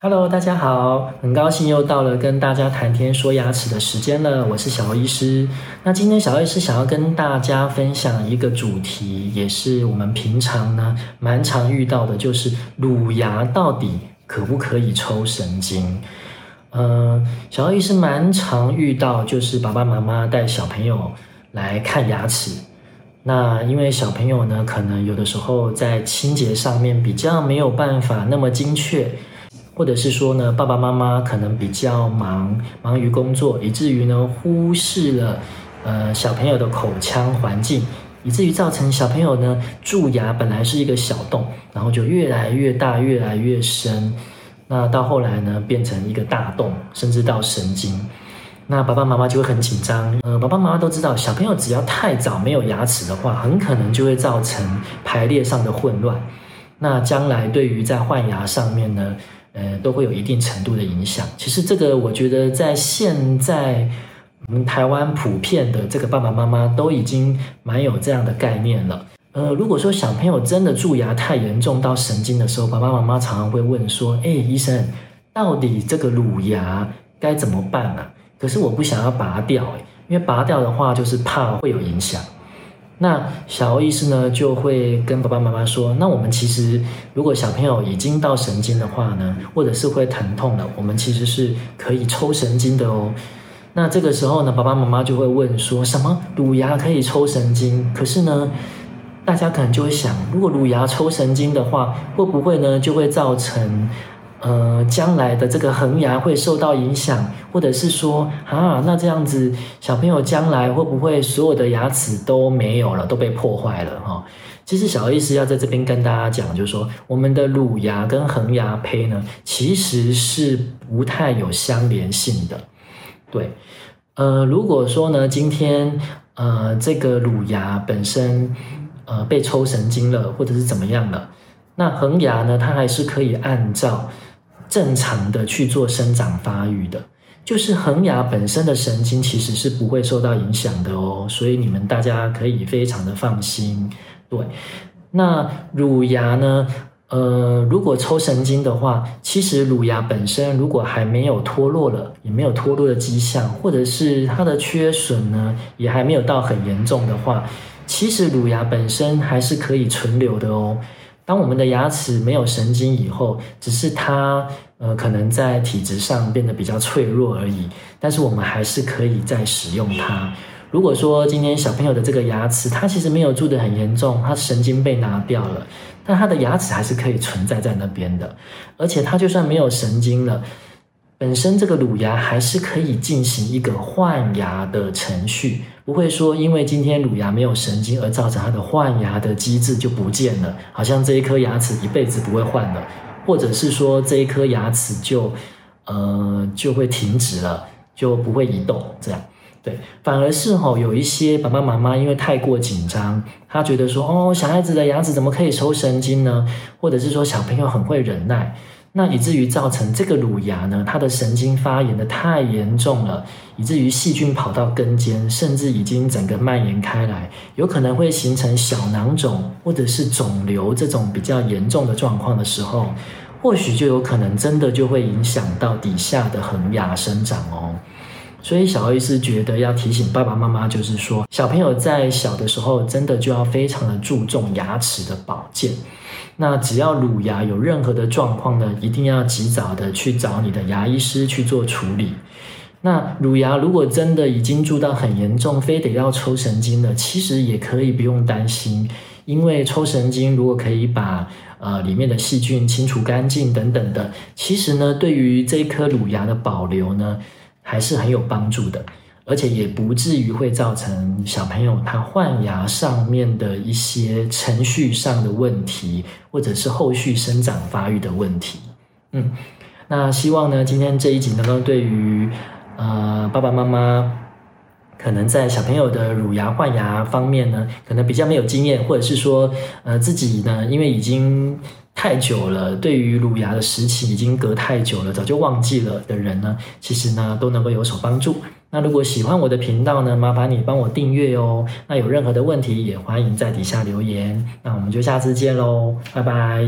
Hello，大家好，很高興又到了跟大家談天說牙齒的時間了。我是小歐醫師，那今天小歐醫師想要跟大家分享一個主題，也是我們平常呢蠻常遇到的，就是乳牙到底可不可以抽神經？嗯，小歐醫師蠻常遇到，就是爸爸媽媽帶小朋友來看牙齒，那因為小朋友呢，可能有的時候在清潔上面比較沒有辦法那麼精確。或者是說呢，爸爸媽媽可能比較忙，忙於工作，以至於呢忽視了，呃，小朋友的口腔環境，以至於造成小朋友呢蛀牙，本來是一個小洞，然後就越來越大，越來越深，那到後來呢變成一個大洞，甚至到神經。那爸爸媽媽就會很緊張，呃，爸爸媽媽都知道，小朋友只要太早沒有牙齒的話，很可能就會造成排列上的混亂，那將來對於在換牙上面呢。呃、嗯，都會有一定程度的影響。其實這個，我覺得在現在我們、嗯、台灣普遍的這個爸爸媽媽都已經蠻有這樣的概念了。呃，如果說小朋友真的蛀牙太嚴重到神經的時候，爸爸媽媽常常會問說：“哎、欸，醫生，到底這個乳牙該怎麼辦啊？可是我不想要拔掉、欸，因為拔掉的話就是怕會有影響。”那小歐醫師呢，就會跟爸爸媽媽說，那我們其實如果小朋友已經到神經的話呢，或者是會疼痛了，我們其實是可以抽神經的哦。那這個時候呢，爸爸媽媽就會問說，什麼乳牙可以抽神經？可是呢，大家可能就會想，如果乳牙抽神經的話，會不會呢，就會造成？呃，將來的這個恆牙會受到影響，或者是說啊，那這樣子小朋友將來會不會所有的牙齒都沒有了，都被破壞了？哈、哦，其實小醫師要在這邊跟大家講，就是說我們的乳牙跟恆牙胚呢，其實是不太有相連性的。對，呃，如果說呢，今天呃這個乳牙本身呃被抽神經了，或者是怎麼樣了，那恆牙呢，它還是可以按照。正常的去做生長發育的，就是恆牙本身的神經其實是不會受到影響的哦，所以你們大家可以非常的放心。對，那乳牙呢？呃，如果抽神經的話，其實乳牙本身如果還沒有脫落了，也沒有脫落的跡象，或者是它的缺損呢，也還沒有到很嚴重的話，其實乳牙本身還是可以存留的哦。當我們的牙齒沒有神經以後，只是它呃可能在體質上變得比較脆弱而已，但是我們還是可以再使用它。如果說今天小朋友的這個牙齒，它其實沒有蛀得很嚴重，它神經被拿掉了，但它的牙齒還是可以存在在那邊的，而且它就算沒有神經了。本身這個乳牙還是可以進行一個換牙的程序，不會說因為今天乳牙沒有神經而造成它的換牙的機制就不見了，好像這一顆牙齒一輩子不會換了，或者是說這一顆牙齒就呃就會停止了，就不會移動這樣，對，反而是吼、哦、有一些爸爸媽媽因為太過緊張，他覺得說哦，小孩子的牙齒怎麼可以抽神經呢？或者是說小朋友很會忍耐。那以至於造成這個乳牙呢，它的神經發炎得太嚴重了，以至於細菌跑到根尖，甚至已經整個蔓延開來，有可能會形成小囊腫或者是腫瘤這種比較嚴重的狀況的時候，或許就有可能真的就會影響到底下的恆牙生長哦。所以，小牙醫師覺得要提醒爸爸媽媽，就是說，小朋友在小的時候，真的就要非常的注重牙齒的保健。那只要乳牙有任何的狀況呢，一定要及早的去找你的牙醫師去做處理。那乳牙如果真的已經蛀到很嚴重，非得要抽神經了，其實也可以不用擔心，因為抽神經如果可以把呃裡面的細菌清除乾淨等等的，其實呢，對於這一顆乳牙的保留呢。還是很有幫助的，而且也不至於會造成小朋友他換牙上面的一些程序上的問題，或者是後續生長發育的問題。嗯，那希望呢，今天這一集能夠對於，呃爸爸媽媽。可能在小朋友的乳牙換牙方面呢，可能比較沒有經驗，或者是說，呃，自己呢，因為已經太久了，對於乳牙的時期已經隔太久了，早就忘記了的人呢，其實呢都能夠有所幫助。那如果喜歡我的頻道呢，麻煩你幫我訂閱哦。那有任何的問題也歡迎在底下留言。那我們就下次見嘍，拜拜。